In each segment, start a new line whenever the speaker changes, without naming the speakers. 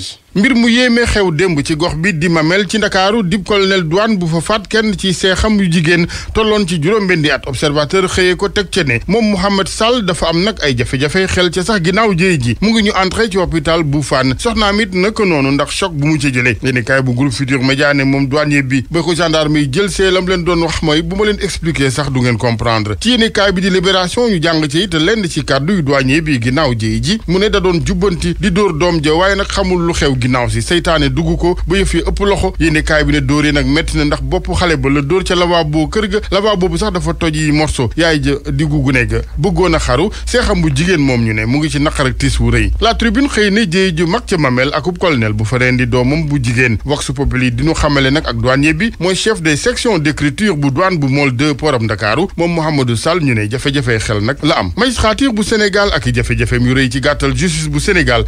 Paris. mbir mu yéeme xew démb ci gox bi di Mamel ci ndakaaru dib colonel douane bu fa faat kenn ci seexam yu jigéen tolloon ci juróom-benni at observateur xëyee ko teg ca ne moom Mouhamed Sall dafa am nag ay jafe-jafe xel ca sax ginnaaw jéey ji mu ngi ñu entré ci hôpital bu Fann soxnaam it naka noonu ndax choc bu mu ci jëlee yéeni kaay bu groupe Futurs Médias ne moom douanier bi ba ko gendarme yi jël seelam leen doon wax mooy bu ma leen expliquer sax du ngeen comprendre ci yéeni bi di libération ñu jàng ci lenn ci kàddu yu douanier bi ginnaaw jéey ji mu ne da doon di dóor doom ja waaye nag xamul lu xew ginnaaw si seytaane dugg ko ba yëf yi ëpp loxo yéene kaay bi ne dóor yi nag métti na ndax bopp xale ba la dóor ca lavabo kër ga lavabo bu sax dafa toj yi morso yaay ja diggu gune ga bëggoon a xaru seexam bu jigéen moom ñu ne mu ngi ci naqar ak tiis wu rëy la tribune xëy na jéey ju mag ca mamel akub colonel bu fa rendi doomam bu jigéen vox di diñu xamale nag ak douanier bi mooy chef des sections d'écriture bu douane bu mool 2 poram Ndakaaru moom Mouhamadou Sall ñu ne jafe xel nag la am magistrature bu Sénégal ak i jafe-jafeem yu ci gàttal justice bu Sénégal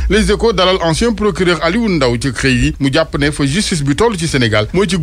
wu ndaw ci xëy yi mu jàpp ne fa justice bi ci Sénégal mooy ci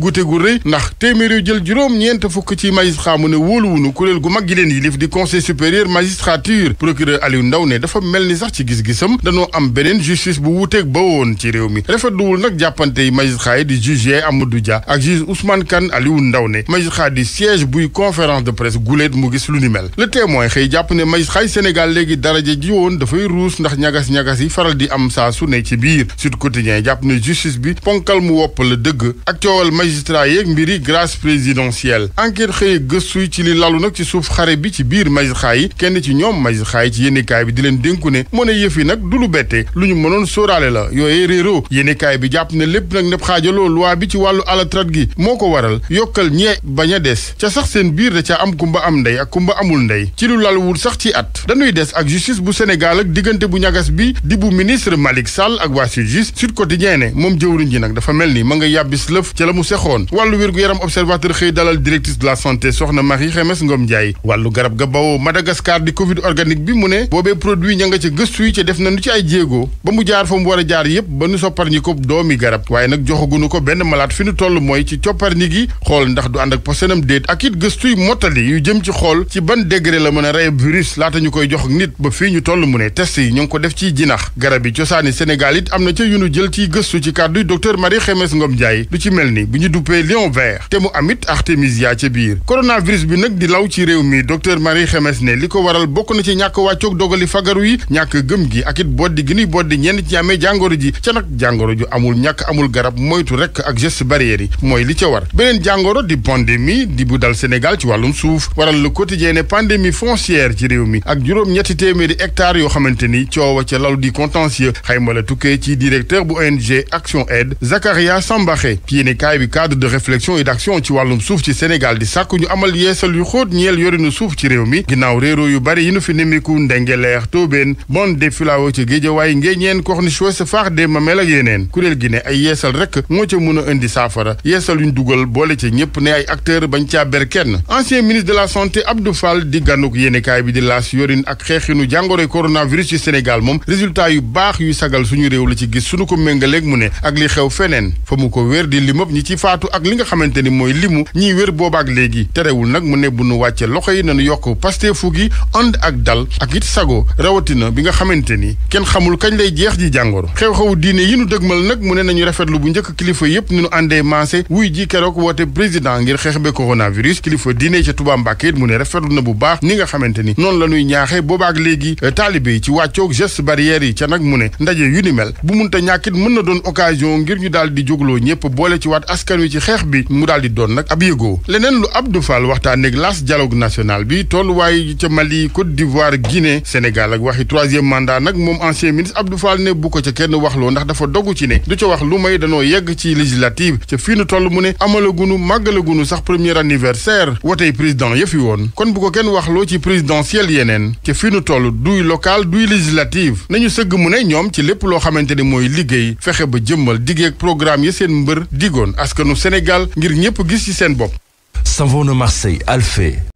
ne wóoluwunu kuréel gu mag gi leen yilif di conseil supérieur magistrature procureur Aliou Ndaw dafa mel ni sax ci gis-gisam danoo am beneen justice bu wuuteeg ba woon ci réew mi rafetluwul nag jàppante yi magistrat yi di juge Amadou Dia ak juge Ousmane Kane Aliou Ndaw ne magistrat di siège buy conférence de presse guléet mu gis lu ni mel le témoin xëy jàpp ne magistrat yi Sénégal léegi daraja ji woon dafay ruus ndax ñagas-ñagas yi faral di am saa su ne ci biir Sud Quotidien quotidien jàpp ne justice bi ponkal mu wopp la dëgg ak coowal magistrat yeeg mbiri grâce présidentielle enquête xëye gëstuy ci li lalu nag ci suuf xare bi ci biir magistrat yi kenn ci ñoom magistrat yi ci yéenekaay bi di leen dénku ne mën a yëf yi nag du lu bette lu ñu mënoon sóoraale la yooyee réeroo yéenekaay bi jàpp ne lépp nag nepp xaajaloo loi bi ci wàllu alatrat gi moo ko waral yokkal ñee bañ a des ca sax seen biir da ca am kumba am ndey ak kumba amul ndey ci lu laluwul sax ci at dañuy des ak justice bu Sénégal diggante bu ñagas bi di bu ministre Malick Sall ak waa quotidien ne moom jëwriñ ji nag dafa mel ni ma nga yàbbis lëf ca la mu sexoon wàllu wér-gu-yaram observateur xëy dalal directrice de la santé soxna Marie Xemes Ngom Ndiaye wàllu garab ga bawoo Madagascar di covid organique bi mu ne boobee produit ña nga ca gëstu yi ca def na nu ci ay jéego ba mu jaar fa mu war a jaar yépp ba nu sopparñi ko doomi garab waaye nag joxagunu ko benn malaat fi nu toll mooy ci copparñi gi xool ndax du ànd ak posenam déet ak it gëstuy mottali yu xool ci ban degré la mën a rey virus laata ñu koy jox nit ba fii ñu toll mu ne test yi ñu ngi ko def ci jinax garab yi cosaani Sénégal it am na yu jël ci gëstu ci kàddu docteur Marie Xemes Ngom Ndiaye lu ci mel ni bu ñu duppee lion vert te mu amit artémisia ca biir coronavirus bi nag di law ci réew mi docteur Marie Xemes ne li ko waral bokk na ci ñàkk wàccoog dogali fagaru yi ñàkk gëm gi ak it boddi gi ñuy boddi ñenn ci amee jàngoro ji ca nag jàngoro ju amul ñàkk amul garab moytu rek ak geste barrière yi mooy li ca war beneen jàngoro di pandémie di bu dal Sénégal ci wàllum suuf waral le quotidien ne pandémie foncière ci réew mi ak juróom téeméeri hectares yoo xamante ni coowa ca lalu di contentieux xayma la tukkee ci directeur bu ONG Action Aid Zakaria Sambaxe yéenekaay bi cadre de réflexion et d'action ci wàllum suuf ci Sénégal di sàkk ñu amal yeesal yu xóot ñeel yorinu suuf ci réew mi ginnaaw réero yu bari yi nu fi nimiku ndengeleer tóobeen bon de filao ci Géejawaay ngéeñeen Corniche Ouest Foire des Mamelles ak yeneen kuréel gi ne ay yeesal rek moo ca mën a indi saafara yeesal yuñ dugal boole ca ñëpp ne ay acteur bañ caa ber kenn ancien ministre de la santé Abdou Fall di gànnuk yéenekaay bi di laas yorin ak xeexinu jàngoroy coronavirus ci Sénégal moom résultat yu baax yuy sagal suñu réew la ci gis méngaleeg mu ne ak li xew feneen fa mu ko wér di limab ñi ci faatu ak li nga xamante ni mooy limu ñiy wér boobaak léegi terewul nag mu ne bu nu wàcce loxo yi nañu yokk pasteefu gi ànd ak dal ak it sago rawatina bi nga xamante ni kenn xamul kañ lay jeex ji jàngoro xew-xewu diine yi nu dëgmal nag mu ne nañu rafetlu bu njëkk kilifa yépp ni nu àndee maase wuy ji keroog woote président ngir xeex be coronavirus kilifa diine ca Tuubaa Mbàkke it mu ne rafetlu na bu baax ni nga xamante ni noonu la ñuy ñaaxe boobaak léegi eh, taalibe yi ci wàccoog geste barrière yi ca mu ne it mën na doon occasion ngir ñu daal di jógloo ñëpp boole ci waat askan wi ci xeex bi mu daal di doon nag ab yëgoo leneen lu Abdou Fall waxtaaneeg las dialogue national bi tolluwaay ca Mali Côte d'Ivoire Guinée Sénégal ak waxi troisième mandat nag moom ancien ministre Abdou Fall ne bu ko ca kenn waxloo ndax dafa dogu ci ne du ca wax lu may danoo yegg ci législative ca fii nu toll mu ne amalagunu màggalagunu sax premier anniversaire wotey président yëfi woon kon bu ko kenn waxloo ci présidentiel yeneen ca fii nu toll duy local duy législative nañu sëgg mu ne ñoom ci lépp loo xamante ne mooy liggéey yi fexe ba jëmmal diggeek programme yi seen mbër digoon askanu Sénégal ngir ñëpp gis ci seen bopp. Savon Marseille Alfé